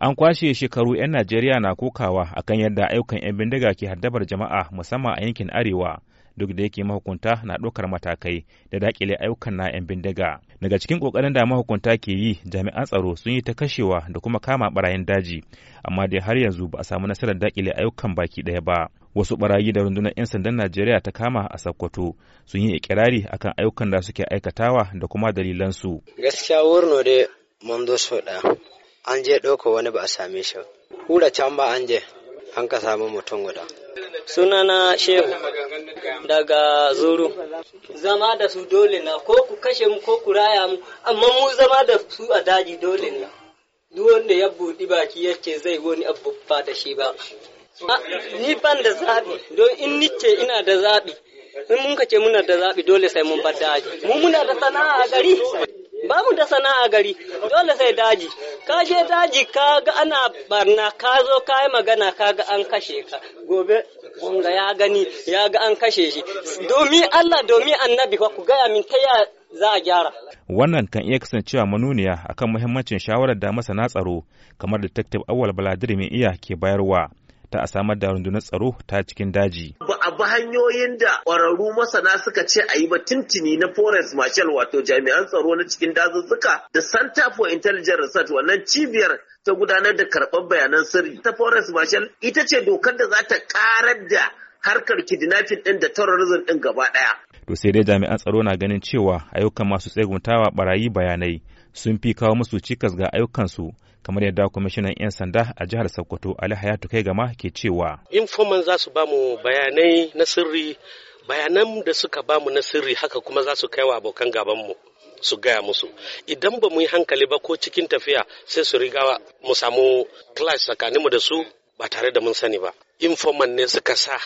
An kwashe shekaru 'yan Najeriya na kokawa a kan yadda ayyukan 'yan bindiga ke haddabar jama'a musamman a yankin Arewa. duk da yake mahukunta na ɗaukar matakai da dakile ayyukan na 'yan bindiga. Daga cikin ƙoƙarin da mahukunta ke yi jami'an tsaro sun yi ta kashewa da kuma kama ɓarayin daji, amma dai har yanzu ba a samu nasarar dakile ayyukan baki ɗaya ba. Wasu barayi da rundunar 'yan sandan Najeriya ta kama a Sokoto sun yi ikirari akan ayyukan da suke aikatawa da kuma dalilansu. Gaskiya wurno dai mun zo so an je ɗauka wani ba a same shi hura can ba an je an ka samu mutum guda sunana shehu daga zuru zama da su dole na ko ku kashe mu ko ku raya mu amma mu zama da su a daji dole na duk wanda ya buɗi baki ce, zai wani abu ba da shi ba ni ban da zaɓi don in nice ina da zaɓi in mun kace muna da zaɓi dole sai mun bar daji mu muna da sana'a a gari a gari dole sai daji ka je daji ka ga ana barna ka zo ka yi magana ka ga an kashe ka gobe wanga ya gani ya ga an kashe shi domin Allah domin annabi ku gaya min ta ya za a gyara. Wannan kan iya kasancewa manuniya akan muhimmancin shawarar da masana tsaro kamar Detective Awal Baladir mai iya ke bayarwa. ta a samar da rundunar tsaro ta cikin daji. Ba a bi hanyoyin da ƙwararru masana suka ce a yi ba tintini na Forest Marshal wato jami'an tsaro na cikin dazuzzuka da Center for Intelligent Research wannan cibiyar ta gudanar da karɓar bayanan sirri ta Forest Marshal ita ce dokar da za ta ƙarar da harkar kidnapping ɗin da terrorism ɗin gaba ɗaya. To sai dai jami'an tsaro na ganin cewa ayyukan masu tseguntawa barayi bayanai sun fi kawo musu cikas ga ayyukansu kamar yadda kwamishinan 'yan sanda a jihar sokoto ali hayatu kai gama ke cewa informan za su bamu bayanai na sirri bayanan da suka bamu na sirri haka kuma za su kai wa abokan gabanmu su gaya musu idan ba mu yi hankali ba ko cikin tafiya sai su riga mu samu clash tsakaninmu da su ba tare da mun sani ba informan ne suka sa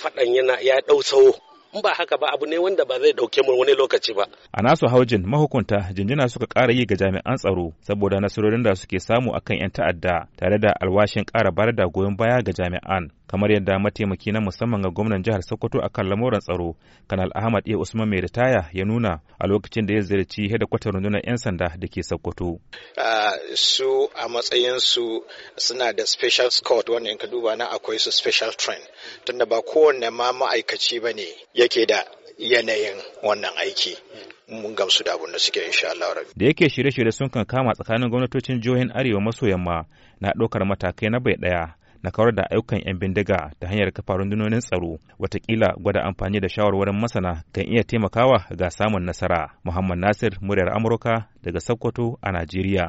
faɗan yana ya ɗau tsawo in ba haka ba abu ne wanda ba zai dauke mu wani lokaci ba a nasu haujin mahukunta jinjina suka ƙara yi ga jami'an tsaro saboda nasarorin da suke samu a kan 'yan ta'adda tare da alwashin kara bayar da goyon baya ga jami'an kamar yadda mataimaki na musamman ga gwamnan jihar Sokoto kan lamuran tsaro kanal Ahmad E Usman mai ritaya ya nuna a lokacin da ya ziyarci hedikwatar rundunar 'yan sanda da ke Sokoto. su a matsayinsu suna da special squad wanda in ka duba na akwai su special train tunda ba kowanne ma ma'aikaci ba ne yake da yanayin wannan aiki mun gamsu da abin da suke sha Allah rabi. Da yake shirye-shirye sun kan kama tsakanin gwamnatocin jihohin Arewa maso yamma na ɗaukar matakai na bai ɗaya na kawar da ayyukan 'yan bindiga ta hanyar kafa rundunonin tsaro watakila gwada amfani da shawarwarin masana kan iya taimakawa ga samun nasara. Muhammad Nasir, muryar Amurka daga Sokoto a Najeriya.